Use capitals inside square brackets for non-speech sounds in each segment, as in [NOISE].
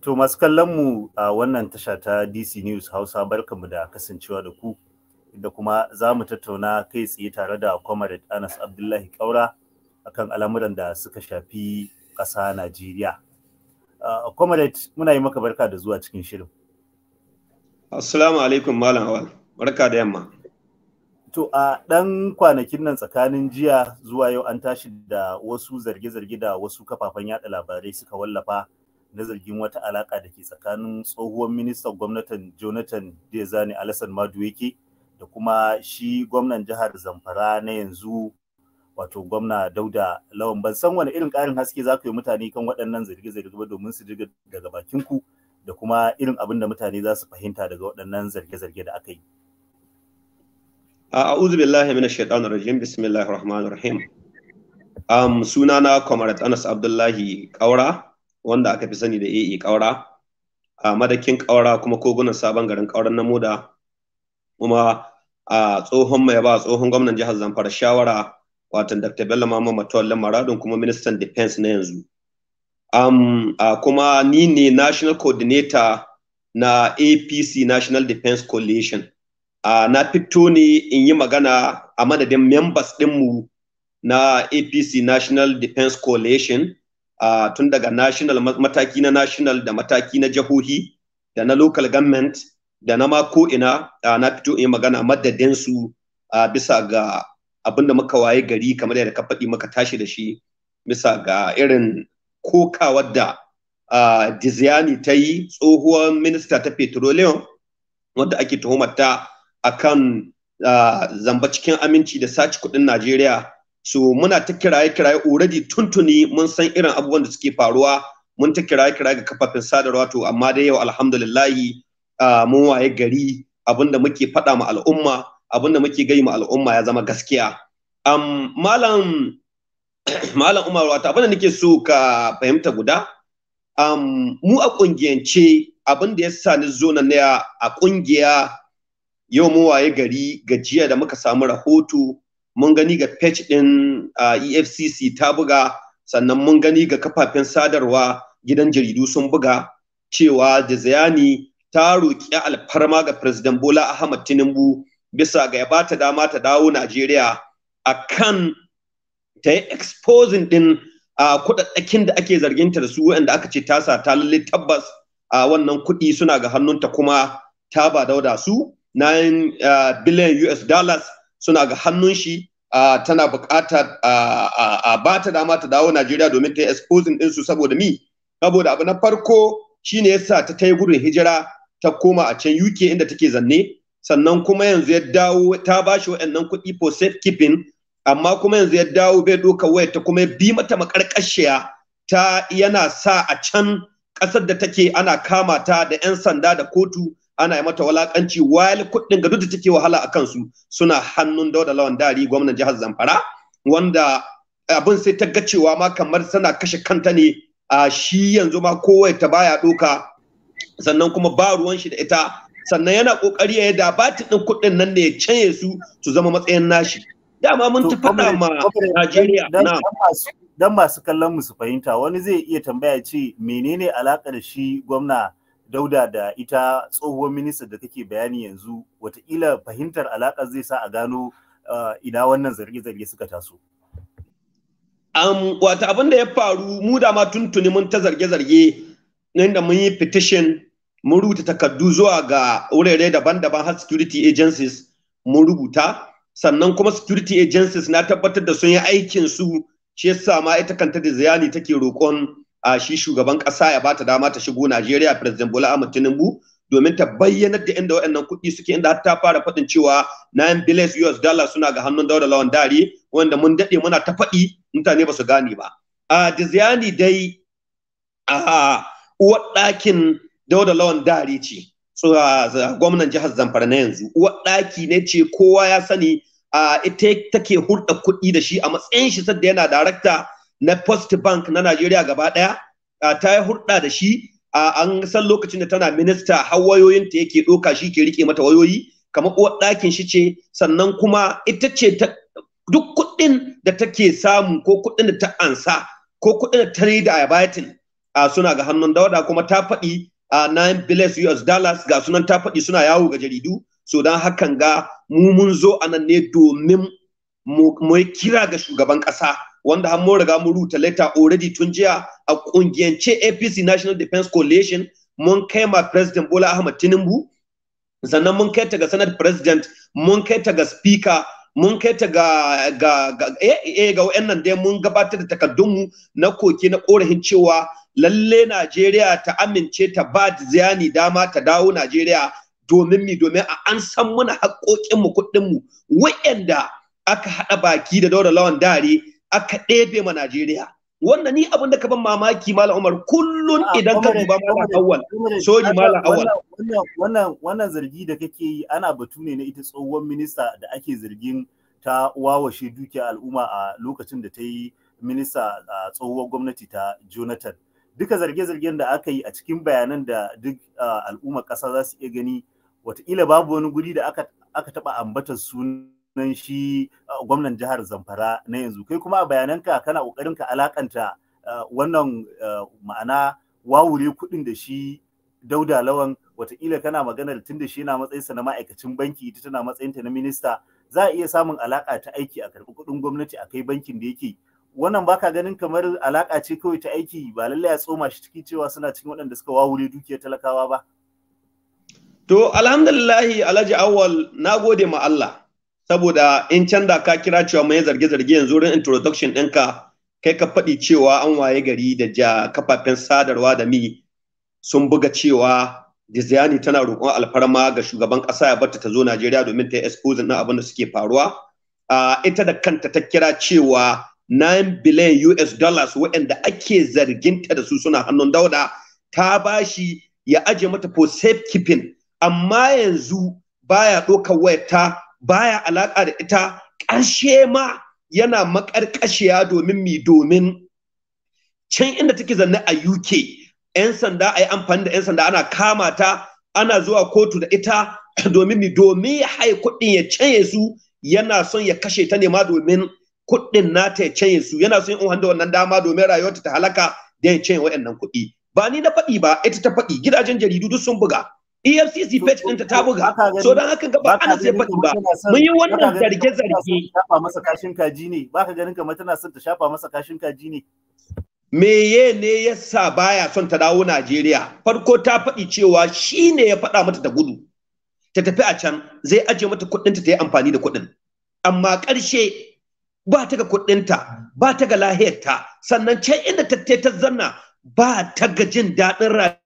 To masu kallon mu a wannan tasha ta DC News Hausa barkanmu da kasancewa da ku da kuma za mu tattauna kai tsaye tare da Comrade Anas Abdullahi Kaura akan al'amuran da suka shafi ƙasa Najeriya. Comrade muna yi maka barka da zuwa cikin shirin. Assalamu alaikum Malam Hawa. barka da yamma. To a ɗan kwanakin nan tsakanin jiya zuwa yau an tashi da wasu zarge-zarge da wasu kafafen yada labarai suka wallafa na zargin wata alaka da ke tsakanin tsohuwar ministan gwamnatin jonathan dezani alasan maduweke da kuma shi gwamnan jihar zamfara na yanzu wato gwamna dauda lawan ban san wani irin karin haske za ku yi mutane kan waɗannan zarge-zarge domin su jirga daga bakin ku da kuma irin abin da mutane za su fahimta daga waɗannan zarge-zarge da aka yi. A'udhu billahi minash shaitanir rajim bismillahir rahmanir rahim. Um, sunana Comrade Anas Abdullahi Ƙaura. wanda aka fi sani da AA e ƙaura a madakin Kaura kuma kogunan sabon garin ƙauran na moda kuma a tsohon mai ba tsohon gwamnan jihar Zamfara shawara wato Dr. Bello Mama Matolle Maradun kuma ministan defense na yanzu um, kuma ni ne national coordinator na APC National Defense Coalition a na fito ne in yi magana a madadin members dinmu na APC National Defense Coalition uh, tun daga national mataki na national da mataki na jihohi da na local government da na ma ko ina uh, na fito in magana madadin su uh, bisa ga abin da muka waye gari kamar yadda ka faɗi muka tashi da shi bisa ga irin kokawar da uh, Diziani ta yi tsohuwar minista ta petroleum wadda ake tuhumar ta akan uh, zamba cikin aminci da sace kuɗin Najeriya so muna ta kiraye kiraye already tuntuni mun san irin abubuwan da suke faruwa mun ta kiraye kiraye ga kafafen sadarwa to amma da yau alhamdulillahi mun waye gari abinda muke faɗa ma al'umma abinda muke gai ma al'umma ya zama gaskiya um, malam [CLEARS THROAT] malam umar wata abinda nake so ka fahimta guda um, mu a ƙungiyance abinda ya sa ni zo na a ƙungiya yau mu waye gari gajiya da muka samu rahoto mun gani ga page ɗin efcc ta buga sannan mun gani ga kafafen sadarwa gidan jaridu sun buga cewa Zayani ta roƙi alfarma ga president bola ahmad tinubu bisa ga ya ba ta dama ta dawo najeriya a kan ta yi exposing ɗin a kudaddakin da ake zarginta da su wanda aka ce tasa ta lalle tabbas a wannan kuɗi suna ga hannunta kuma ta ba dauda su 9 billion us dollars suna ga hannun shi tana bukata a ba ta dama ta dawo Najeriya domin ta yi exposing su saboda mi saboda abu na farko shine yasa ta ta yi gudun hijira ta koma a can UK inda take zanne sannan kuma yanzu ya dawo ta ba shi waɗannan kuɗi for safe keeping amma kuma yanzu ya dawo bai doka waya ta kuma bi mata makarkashiya ta yana sa a can ƙasar da take ana kama ta da 'yan sanda da kotu ana yi mata walakanci wali kuɗin ga duk da take wahala a kansu suna hannun dauda lawan dari gwamnan jihar zamfara wanda abin sai ta ga cewa ma kamar tana kashe kanta ne a shi yanzu ma kowai ta baya ɗoka sannan kuma ba ruwan shi da ita sannan yana kokari ya da batin ɗin kuɗin nan ne ya canye su su zama matsayin nashi dama mun ta faɗa ma Najeriya na dan masu kallon mu su fahimta wani zai iya tambaya ce menene alakar shi gwamna dauda da ita tsohuwar minista da take bayani yanzu watakila fahimtar alaƙa zai sa a gano eh, ina wannan zarge-zarge suka taso. Um, wata abin da ya faru mu da ma tuntuni mun ta zarge-zarge inda mun yi petition mun rubuta takardu zuwa ga wurare daban-daban har security agencies mun rubuta sannan kuma security agencies na tabbatar da sun yi aikin su shi yasa ma ita kanta da ziyani take roƙon a shi shugaban kasa ya bata dama ta shigo Najeriya President Bola Ahmed Tinubu domin ta bayyanar da inda waɗannan kuɗi suke inda har ta fara faɗin cewa 9 billion US dollar suna ga hannun daura Lawan Dare wanda mun daɗe muna ta faɗi mutane ba su gane ba. A Diziani dai a uwar ɗakin daura Lawan Dare ce. gwamnan jihar Zamfara na yanzu uwar ɗaki ne ce kowa ya sani a ita take hurɗa kuɗi da shi a matsayin shi sadda yana darakta na post bank na najeriya gaba ɗaya ta yi hurɗa da shi a an san lokacin da tana minista har ta yake ɗoka shi ke rike mata wayoyi kamar uwar ɗakin shi ce sannan kuma ita ce duk kuɗin da take samu ko kuɗin da ta ansa ko kuɗin da ta da a bayatin suna ga hannun dawada kuma ta faɗi a 9 billion US dollars ga sunan ta faɗi suna yawo ga jaridu so don hakan ga mu mun zo a nan ne domin mu kira ga shugaban ƙasa wanda har mun riga mun rubuta leta already tun jiya a kungiyance APC National Defense Coalition mun kai ma President Bola Ahmed Tinubu sannan mun kai ta ga Senate President mun kai ta ga Speaker mun kai ta ga ga eh, eh ga wayannan dai mun gabatar da takaddunmu na koke na korahin cewa lalle Najeriya ta amince ta ba ziyani dama ta dawo Najeriya domin mi domin a an san muna haƙoƙinmu kuɗinmu wa'yanda aka haɗa baki da daura lawan dare aka ɗebe ma Najeriya. Wannan ni abin da ka ban mamaki Malam Umar kullun ah, idan ka duba Malam Awwal, soji Malam Awwal. Wannan wannan zargi da kake yi ana batu ne na ita tsohuwar minista da ake zargin ta wawashe dukiyar al'umma a lokacin da ta yi minista a tsohuwar gwamnati ta Jonathan. Duka zarge-zargen da aka yi a cikin bayanan da duk al'ummar ƙasa za su iya gani wataƙila babu wani guri da aka taɓa ambatar sunan nan shi gwamnan jihar Zamfara na yanzu kai kuma bayananka kana kokarin ka alakanta wannan ma'ana wawure kuɗin da shi dauda lawan watakila kana magana tun da shi yana matsayinsa na ma'aikacin banki ita tana matsayinta na minista za a iya samun alaka ta aiki a karɓi kuɗin gwamnati a kai bankin da yake wannan baka ganin kamar alaka ce kawai ta aiki ba lallai a tsoma shi ciki cewa suna cikin waɗanda suka wawure dukiyar talakawa ba to alhamdulillahi alhaji awwal na gode ma Allah saboda in canda ka kira cewa mai zarge-zarge yanzu wurin introduction ɗinka kai ka faɗi cewa an waye gari da ja kafafen sadarwa da mi sun buga cewa Diziani tana roƙon alfarma ga shugaban ƙasa ya barta ta zo Najeriya domin ta yi exposing na abin da suke faruwa. ita da kanta ta kira cewa 9 billion US dollars waɗanda ake zarginta da su suna hannun dauda ta bashi ya aje mata for safekeeping amma yanzu baya ɗaukar wayarta baya alaƙa da ita ƙarshe ma yana maƙarƙashiya domin mi domin can inda take zanne a UK 'yan sanda a yi amfani da 'yan sanda ana kama ta ana zuwa kotu da ita [COUGHS] domin mi domin ya haye kuɗin ya canye su yana son ya kashe ta ne ma domin kuɗin nata ya canye su yana son yin da wannan dama domin rayuwarta ta halaka da ya canye waɗannan kuɗi ba ni na faɗi ba ita ta faɗi gidajen jaridu duk sun buga EFCC page ɗinta ta buga so don haka gaba ana sai faɗi ba mun yi wannan zarge zarge shafa masa kashin kaji ne baka ganin kamar tana son ta shafa masa kashin kaji ne meye ne yasa baya son ta dawo Najeriya farko ta faɗi cewa shi ne ya faɗa mata ta gudu ta tafi a can zai aje mata kuɗinta ta yi amfani da kuɗin amma ƙarshe ba ta ga kuɗinta ba ta ga lahiyarta sannan can inda ta ta zanna ba ta ga jin daɗin rayuwa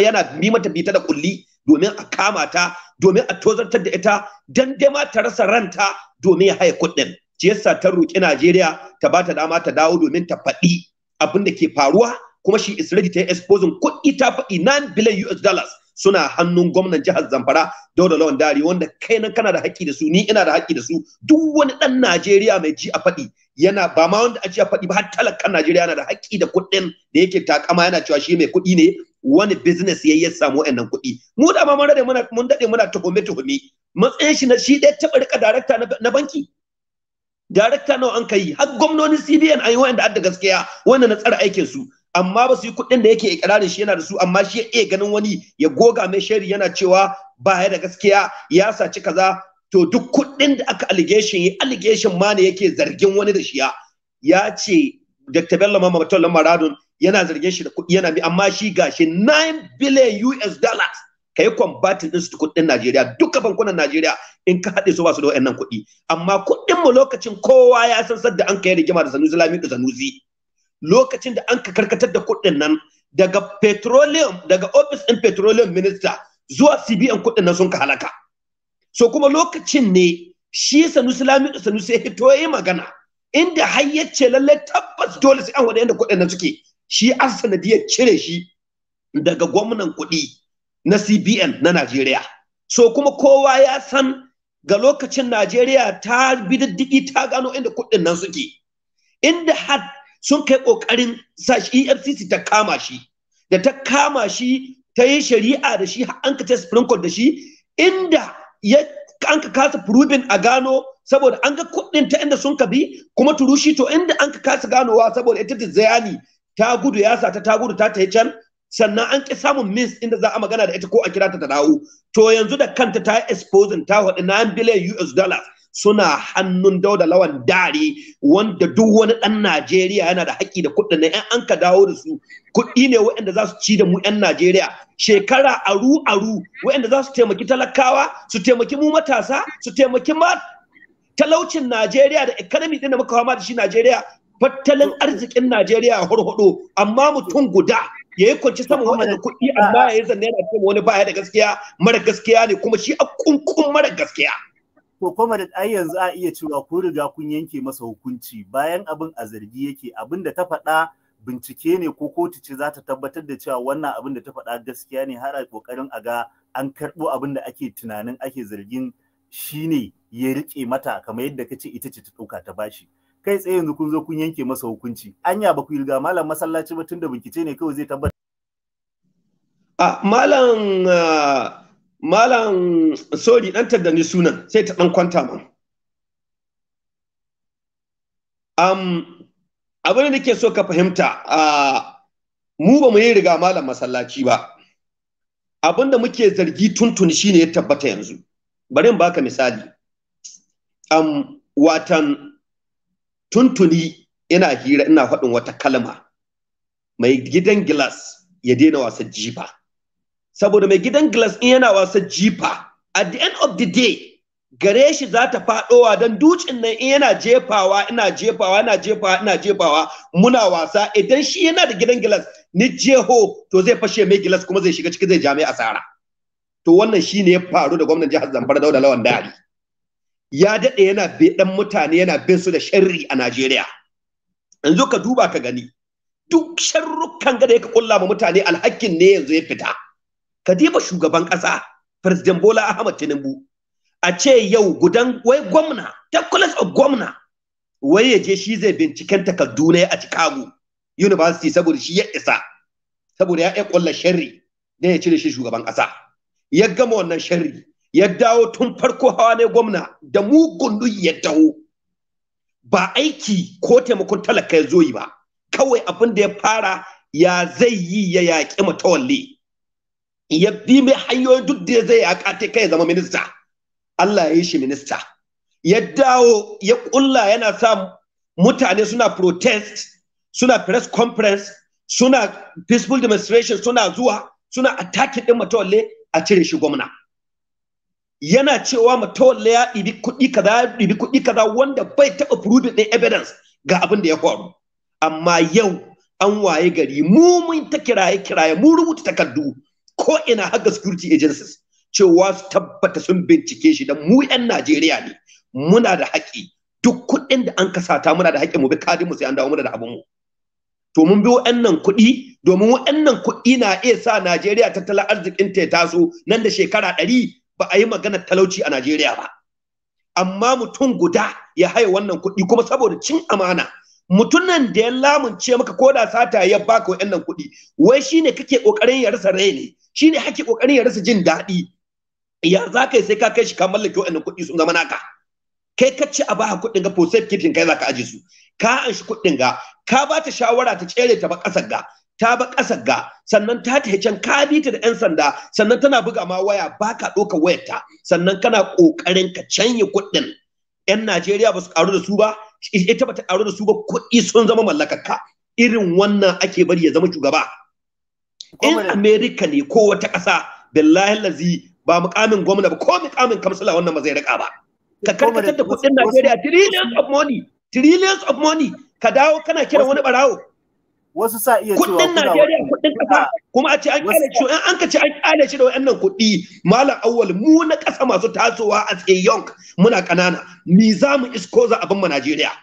yana bi mata bita da kulli domin a kama ta domin a tozartar da ita dan dai ma ta rasa ranta domin ya haye kuɗin shi yasa ta roƙi Najeriya ta bata dama ta dawo domin ta faɗi abin da ke faruwa kuma shi Israeli ta yi exposing kuɗi ta faɗi 9 billion US dollars suna hannun gwamnan jihar Zamfara Dauda Lawan Dari wanda kai nan kana da haƙƙi da su ni ina da haƙƙi da su duk wani ɗan Najeriya mai ji a faɗi yana ba ma wanda a ji a faɗi ba har talakan Najeriya yana da haƙƙi da kuɗin da yake takama yana cewa shi mai kuɗi ne wani business ya ya samu wannan kuɗi mu da ma mun muna mun dade muna tuhume tuhume matsayin shi na shi dai taba rika director na banki director nawa an kai har gwamnonin CBN ayi wayanda adda gaskiya wanda na tsara aikin su amma ba su yi kuɗin da yake ikirarin shi yana da su amma shi ya ganin wani ya goga mai shari yana cewa ba ya da gaskiya ya saci kaza to duk kuɗin da aka allegation yi allegation ma ne yake zargin wani da shiya ya ce Dr. Bello Mamman Maradon yana zargin shi da kuɗi yana bi amma shi gashi 9 billion US dollars ka yi kwambatin su kuɗin Najeriya duka bankunan Najeriya in ka haɗe su ba su da wannan kuɗi amma kuɗin mu lokacin kowa ya san sadda an kai rigima da Sanusi Lami da Sanusi lokacin da an ka karkatar da kuɗin nan daga petroleum daga office ɗin petroleum minister zuwa CBN kuɗin nan sun ka halaka so kuma lokacin ne shi Sanusi Lami da Sanusi ya hito yi magana inda har yace lalle tabbas dole sai an wada yanda kuɗin nan suke shi asanadiyar cire shi daga gwamnan kuɗi na CBN na Najeriya. So kuma kowa ya san ga lokacin Najeriya ta bididdiki ta gano inda kuɗin nan suke. Inda har sun kai ƙoƙarin sa shi EFCC ta kama shi. Da ta kama shi ta yi shari'a da shi an ka Supreme Court da shi inda an ka kasa proving a gano saboda an ga kuɗin ta inda sun ka bi kuma turushi to inda an ka kasa ganowa saboda ita da zayani ta gudu ya sata ta gudu ta tayi can sannan an ki samun means inda za a magana da ita ko a kira ta ta dawo to yanzu da kanta ta exposing ta hudu 9 billion US dollars suna hannun dauda lawan dare wanda duk wani dan Najeriya yana da haƙƙi da kuɗin nan an ka dawo da su kuɗi ne waɗanda za su ci da mu 'yan Najeriya shekara aru aru waɗanda za su taimaki talakawa su taimaki mu matasa su taimaki ma talaucin Najeriya da economy din da muka fama da shi Najeriya fattalin arzikin Najeriya ya horhodo amma mutum guda ya yi kwanci sama waɗanda kuɗi amma ya yi zanne yana cewa wani baya da gaskiya mara gaskiya ne kuma shi a kunkun mara gaskiya. To kuma da ai yanzu a iya cewa ko riga kun yanke masa hukunci bayan abin a zargi yake abin da ta faɗa bincike ne ko kotu ce za ta tabbatar da cewa wannan abin da ta faɗa gaskiya ne har a kokarin a ga an karɓo abin da ake tunanin ake zargin shi ne ya riƙe mata kamar yadda ka ce ita ce ta ɗauka ta bashi. kai tsaye yanzu kun zo kun yanke masa hukunci anya ba ku riga malam masallaci ba tunda bincike ne kawai zai tabbata a malam malam sorry dan ni sunan sai ta dan kwanta ma am abin da nake so ka fahimta a mu ba mu yi riga malam masallaci ba abin da muke zargi tuntun shine ya tabbata yanzu bari in baka misali am watan tuntuni ina hira ina faɗin wata kalma mai gidan gilas ya daina wasa jifa saboda mai gidan gilas in yana wasa jifa at the end of the day gare shi za ta faɗowa don dutsen nan in yana jefawa ina jefawa ina jefawa ina jefawa muna wasa idan shi yana da gidan gilas ni jeho to zai fashe mai gilas kuma zai shiga ciki zai jami asara to wannan shine ya faru da gwamnan jihar Zamfara Dauda Lawan Dari ya daɗe yana ɗan mutane yana bin su da sharri a Najeriya. Yanzu ka duba ka gani, duk sharrukan gada ya ka ƙulla ma mutane alhakin ne yanzu ya fita. Ka diba shugaban ƙasa, President Bola Ahmad Tinubu, a ce yau gudan wai gwamna, ta Tekulas of gwamna, wai ya je shi zai binciken takardu ne a Chicago University saboda shi ya isa, saboda ya ƙulla sharri, na ya cire shi shugaban ƙasa. Ya gama wannan sharri, ya dawo tun farko hawa ne gwamna da mugun ya dawo ba aiki ko taimakon talaka ya zo yi ba kawai abin da ya fara ya zai yi ya yaƙi matawalle ya bi mai hanyoyin duk da ya zai yaƙa ta kai zama minista Allah ya yi shi minista ya dawo ya ƙulla yana sa mutane suna protest suna press conference suna peaceful demonstration suna zuwa suna attacking din matawalle a cire shi gwamna yana cewa mutuwar ya ɗibi kuɗi kaza ya ɗibi kuɗi kaza wanda bai taɓa proving ɗin evidence ga abin da ya faru amma yau an waye gari mu mun ta kiraye kiraye mu rubuta takardu ko ina haka security agencies cewa su tabbata sun bincike shi dan mu 'yan Najeriya ne muna da haƙƙi duk kuɗin da an kasata muna da haƙi mu bi kadin mu sai an dawo muna da abin mu to mun bi wa'annan kuɗi domin wa'annan kuɗi na iya sa Najeriya tattalin arzikin ta ya taso nan da shekara ɗari ba a yi magana talauci a Najeriya ba amma mutum guda ya haye wannan kuɗi kuma saboda cin amana nan da ya lamunce maka ko da sata ya baka wa'annan kuɗi wai shine kake kokarin ya rasa rai ne shine hake kokarin ya rasa jin daɗi ya za kai sai ka kai shi ka mallake wannan kuɗi sun zama naka kai ka ci a baha kuɗin ga for safe keeping kai za ka aje su ka an shi kuɗin ga ka ba ta shawara ta tsere ta ba ƙasar ga ta ba ƙasar ga sannan ta ta can ka bi ta da 'yan sanda sannan tana buga ma waya ba ka ɗauka wayarta sannan kana ƙoƙarin ka canye kuɗin 'yan Najeriya ba su ƙaru da su ba ita ba ta ƙaru da su ba kuɗi sun zama mallakaka. irin wannan ake bari ya zama shugaba in America ne ko wata ƙasa billahi lazi ba mukamin gwamna ba ko mukamin kamsila wannan ba zai raka ba ka karkatar da kuɗin Najeriya trillions of money trillions of money ka dawo kana kira wani barawo wasu sa iya cewa kudin Najeriya kudin ƙasa kuma a ce an kyale shi an ka ce an kyale shi da wayannan kuɗi malam awwal mu na kasa masu tasowa a tsayon muna kanana mi za mu isko za abin mu Najeriya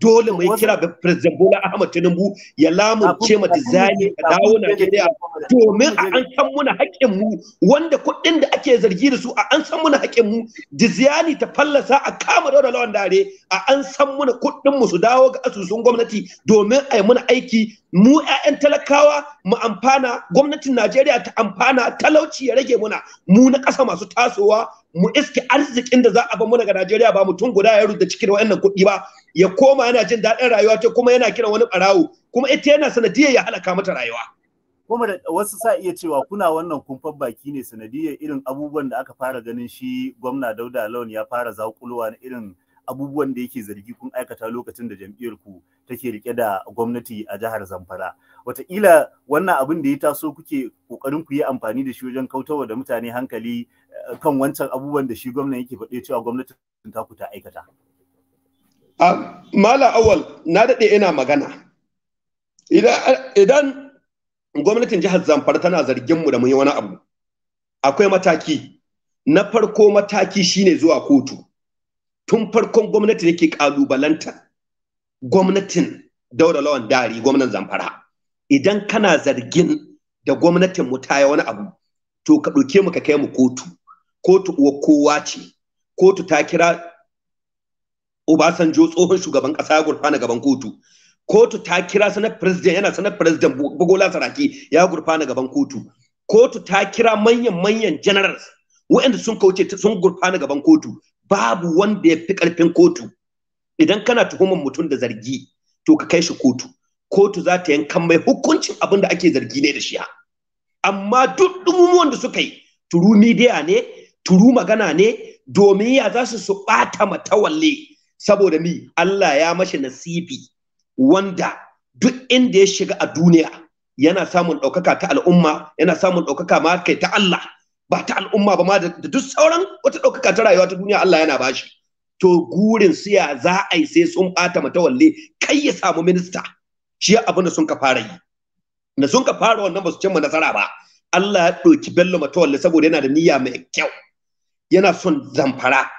dole mai kira ga president Bola Ahmad Tinubu ya lamunce ma zane a dawo Najeriya domin a an san muna haƙƙin mu wanda kuɗin da ake zargi da su a an san muna haƙƙin mu dizani ta fallasa a kama da lawan dare a an san muna kuɗin mu su dawo ga asusun gwamnati domin a yi muna aiki mu ƴaƴan talakawa mu amfana gwamnatin Najeriya ta amfana talauci ya rage muna mu na ƙasa masu tasowa mu iske arzikin da za a ba mu daga Najeriya ba mutum guda ya rudda cikin wayannan kuɗi ba ya koma yana jin daɗin rayuwa ta kuma yana kiran wani ɓarawo kuma ita yana sanadiyar ya halaka mata rayuwa. Kuma da wasu sa iya cewa kuna wannan kumfan baki ne sanadiyar irin abubuwan da aka fara ganin shi gwamna Dauda Lawan ya fara zakulowa na irin abubuwan da yake zargi kun aikata lokacin da jam'iyyar ku take rike da gwamnati a jihar Zamfara. Wataƙila wannan abin da ya taso kuke ƙoƙarin ku yi amfani da shi wajen kautawa da mutane hankali eh, kan wancan abubuwan da shi gwamnan yake faɗe cewa gwamnatin ta ku ta aikata. A ah, mala awal na daɗe ina magana. Idan gwamnatin jihar Zamfara tana zargin mu da mun yi wani abu, akwai mataki. Na farko mataki shine zuwa kotu. tun farkon gwamnati yake kalubalanta gwamnatin daura lawan dari gwamnan zamfara idan kana zargin da gwamnatin mu ta wani abu to ka ɗauke mu ka kai mu kotu kotu uwa kowa ce kotu ta kira Obasanjo tsohon shugaban ƙasa gurfana gaban kotu kotu ta kira sanar president yana sanar president bugola saraki ya gurfana gaban kotu kotu ta kira manyan manyan generals waɗanda sun kauce sun gurfana gaban kotu babu wanda ya fi ƙarfin kotu idan kana tuhumar mutum da zargi to ka kai shi kotu kotu za ta yanka mai hukuncin abin da ake zargi ne da shi amma duk dumumuwan da suka yi turu midiya ne turu magana ne domin ya za su su ɓata matawalle saboda mi Allah ya mashi nasibi wanda duk inda ya shiga a duniya yana samun ɗaukaka ta al'umma yana samun ɗaukaka ma kai ta Allah ba ta al'umma ba ma da duk sauran wata ɗaukaka ta rayuwa ta duniya Allah yana bashi to gurin siya za a yi sai sun ɓata matawalle kai ya samu minista shi abin da sun ka fara yi da sun ka fara wannan ba su cimma nasara ba Allah ya ɗauki bello matawalle saboda yana da niyya mai kyau yana son zamfara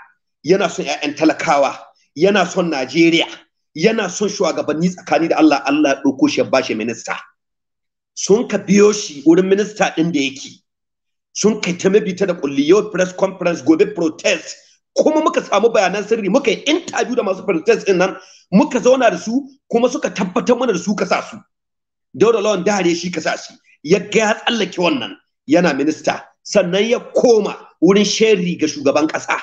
yana son 'ya'yan talakawa yana son Najeriya yana son shugabanni tsakani da Allah Allah ya ɗauko shi ya bashi minista sun ka biyo shi wurin minista ɗin da yake sun kai ta mabita da kulli yau press conference gobe protest kuma muka samu bayanan sirri muka yi interview da masu protest din nan muka zauna da su kuma suka tabbatar mana da su sa su daura lawan dare shi sa shi ya gaya tsallake wannan yana minista sannan ya koma wurin sherry ga shugaban kasa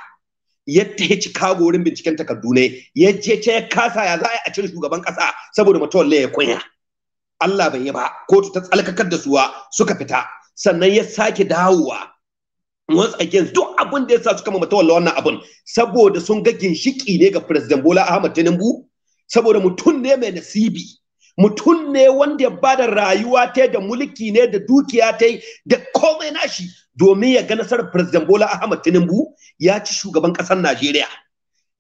ya tafi Chicago wurin binciken takardu ne ya je ya kasa ya za a cire shugaban kasa saboda mutuwar ya kunya Allah bai yi ba kotu ta tsalkakar da suwa suka fita sannan ya sake dawowa once again duk abin da ya sa suka mata walla wannan abin saboda sun ga ginshiki ne ga president Bola Ahmad Tinubu saboda mutum ne mai nasibi mutum ne wanda ya bada rayuwa ta da mulki ne da dukiya ta da komai nashi domin ya ga nasarar president Bola Ahmad Tinubu ya ci shugaban kasar Najeriya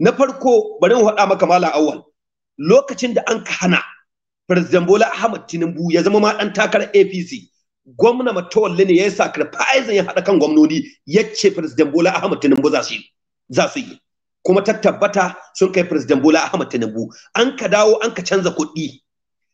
na farko bari mu faɗa maka malam awwal lokacin da an ka hana president Bola Ahmad Tinubu ya zama ma dan takarar APC gwamna matawalle ne ya yi sacrifice ya haɗa kan gwamnoni ya ce president bola ahmad tinubu za su za su kuma ta tabbata sun kai president bola ahmad tinubu an ka dawo an ka canza kuɗi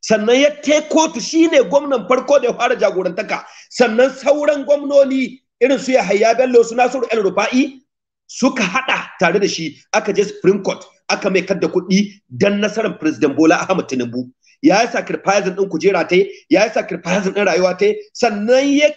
sannan ya te kotu shine gwamnan farko da ya fara jagorantaka sannan sauran gwamnoni irin su ya bello su nasiru el rufa'i suka haɗa tare da shi aka je supreme court aka mai kadda kuɗi don nasarar president bola ahmad tinubu ya yi sacrifice din kujera ta ya yi sacrifice din rayuwa ta sannan ya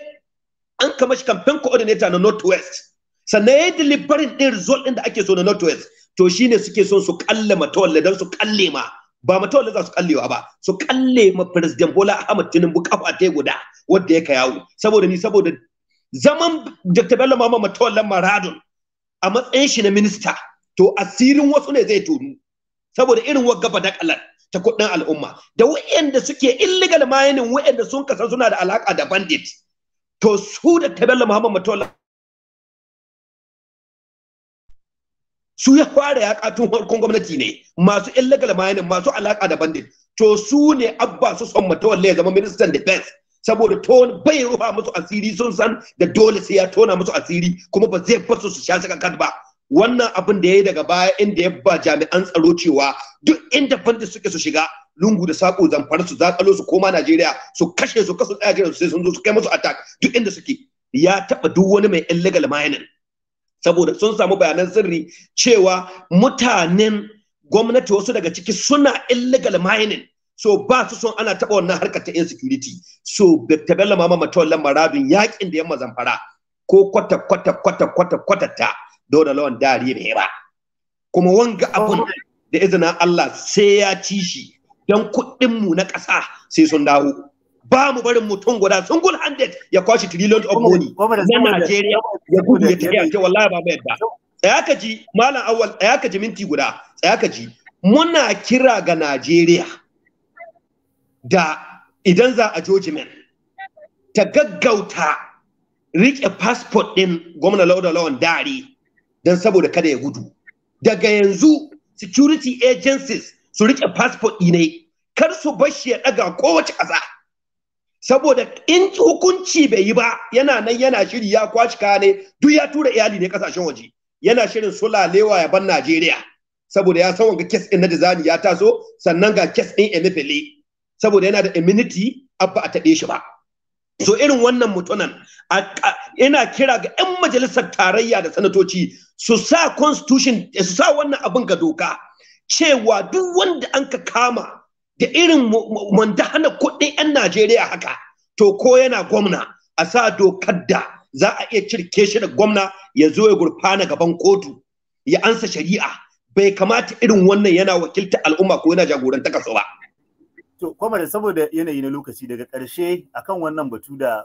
an kama shi campaign coordinator na northwest sannan ya yi delivering din result din da ake so na northwest to shine suke son su kalle matawalle don su kalle ma ba matawalle za su kallewa ba su kalle ma president Bola ahmad Tinubu kafa ta guda wanda ya yawo saboda ni saboda zaman Dr. Bello Mama matawallan Maradon a matsayin shi na minista to asirin wasu ne zai tunu saboda irin wagga badakalar ta kudin al'umma da wayanda suke illegal mining wa'yanda sun kasa suna da alaka da bandit to su da tabella muhammad matola su ya fara ya katun harkon gwamnati ne masu illegal mining masu alaka da bandit to su ne abba su son matola ya zama ministan defense saboda ton bai rufa musu asiri sun san da dole sai ya tona musu asiri kuma ba zai fasu su sha saka kad ba wannan abin da ya yi daga baya inda ya ba jami'an tsaro cewa duk inda fanta suke su shiga lungu da saƙo zamfara su zakalo su koma Najeriya su kashe su kasu Najeriya sai sun zo su kai musu attack duk inda suke ya taba duk wani mai illegal mining saboda sun samu bayanan sirri cewa mutanen gwamnati wasu daga ciki suna illegal mining so ba su son ana taba wannan harkar ta insecurity so tabella mama matawallan maradun yakin da yamma zamfara ko kwata kwata kwata kwata kwata ta dole lawan dari bai ba kuma wanga oh. abun da izinin Allah sai ya ci shi don kuɗin mu na ƙasa sai sun dawo ba mu barin mutum guda single handed ya kwashi trillion of money na Najeriya ya gudu ya tafi yanke wallahi ba mai yadda tsaya ka ji malam awwal tsaya ka ji minti guda tsaya ka ji muna kira ga Najeriya da idan za a jojimen ta gaggauta rike passport din gwamna lauda lawan dare don saboda kada ya gudu daga yanzu security agencies su rike passport ne kar su bar shi ya daga kowace ƙasa saboda in hukunci bai yi ba yana nan yana shiri ya kwashe kaya ne duk ya tura iyali ne kasashen waje yana shirin sulalewa ya ban Najeriya saboda ya san wanga kes din na Dizani ya taso sannan ga kes din Emefele saboda yana da immunity abba a taɓe shi ba so irin wannan mutunan ina kira ga 'yan majalisar tarayya da sanatoci su sa constitution su sa wannan abin ga doka cewa duk wanda an ka kama da irin wanda hana kuɗin 'yan najeriya haka to ko yana gwamna a sa dokar da za a iya cirke shi da gwamna ya zo ya gurfana gaban kotu ya ansa shari'a bai kamata irin wannan yana wakilta al'umma ko yana jagoranta kaso ba To, kwamar saboda yanayi na lokaci daga ƙarshe akan wannan batu da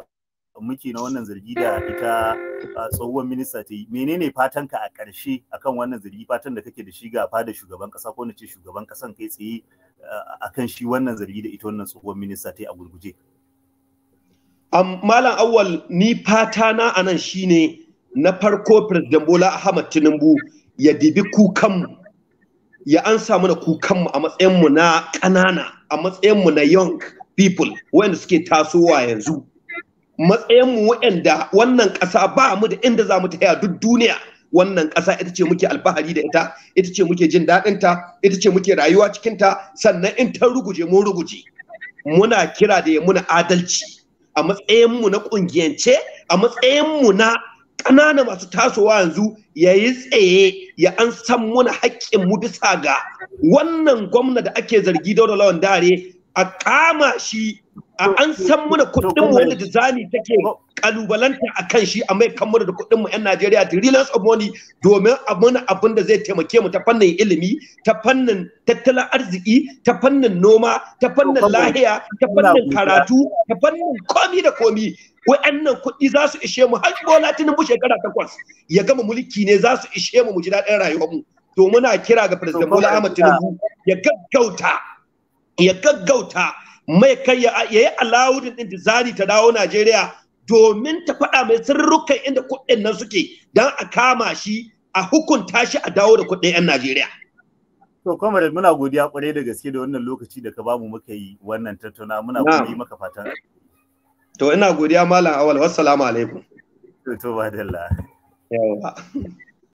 muke na wannan zargi da ita tsohuwar minista ta yi, menene fatanka a ƙarshe akan wannan zargi fatan da kake da shi ga fada shugaban ƙasa ko ce shugaban ƙasan kai tsaye akan shi wannan zargi da ita wannan tsohuwar minista ta yi a gurguje. Malam Awal ni fata na anan shine na farko President Bola Ahmad Tinubu ya dibi kukanmu ya an samu da kukanmu a matsayinmu na ƙanana a matsayinmu na young people wayanda suke tasowa yanzu matsayinmu wayanda wannan ƙasa ba mu da inda za mu taya duk duniya wannan ƙasa ita ce muke alfahari da ita ita ce muke jin daɗinta ita ce muke rayuwa cikinta sannan in ta ruguje mun ruguje muna kira da ya muna adalci a matsayinmu na ƙungiyance a matsayinmu na ƙanana masu tasowa yanzu ya yi tsaye ya an san muna haƙƙin mu bisa ga wannan gwamna da ake zargi da lawan dare a kama shi an san mana kuɗin mu wanda Tizani take kalubalanta a kan shi a mai kan da kuɗin mu 'yan Najeriya reliance of money domin abin da zai taimake mu ta fannin ilimi, ta fannin tattalin arziki, ta fannin noma, ta fannin lahiya, ta fannin karatu, ta fannin komi da komi. Wa'annan kuɗi za su ishe mu har Bola Tinubu shekara takwas ya gama mulki ne za su ishe mu mu ji daɗin rayuwar mu. To muna kira ga President Bola Ahmed Tinubu ya gaggauta ya gaggauta mai kai ya yi alawudin din zari ta dawo Najeriya domin ta faɗa mai sirrukan inda kuɗin nan suke don a kama shi a hukunta shi a dawo da kuɗin 'yan Najeriya. To comrade muna godiya kwarai da gaske da wannan lokaci da ka bamu muka yi wannan tattauna muna kuma maka fatan. To ina godiya malam awal wassalamu alaikum. To to ba Yawa.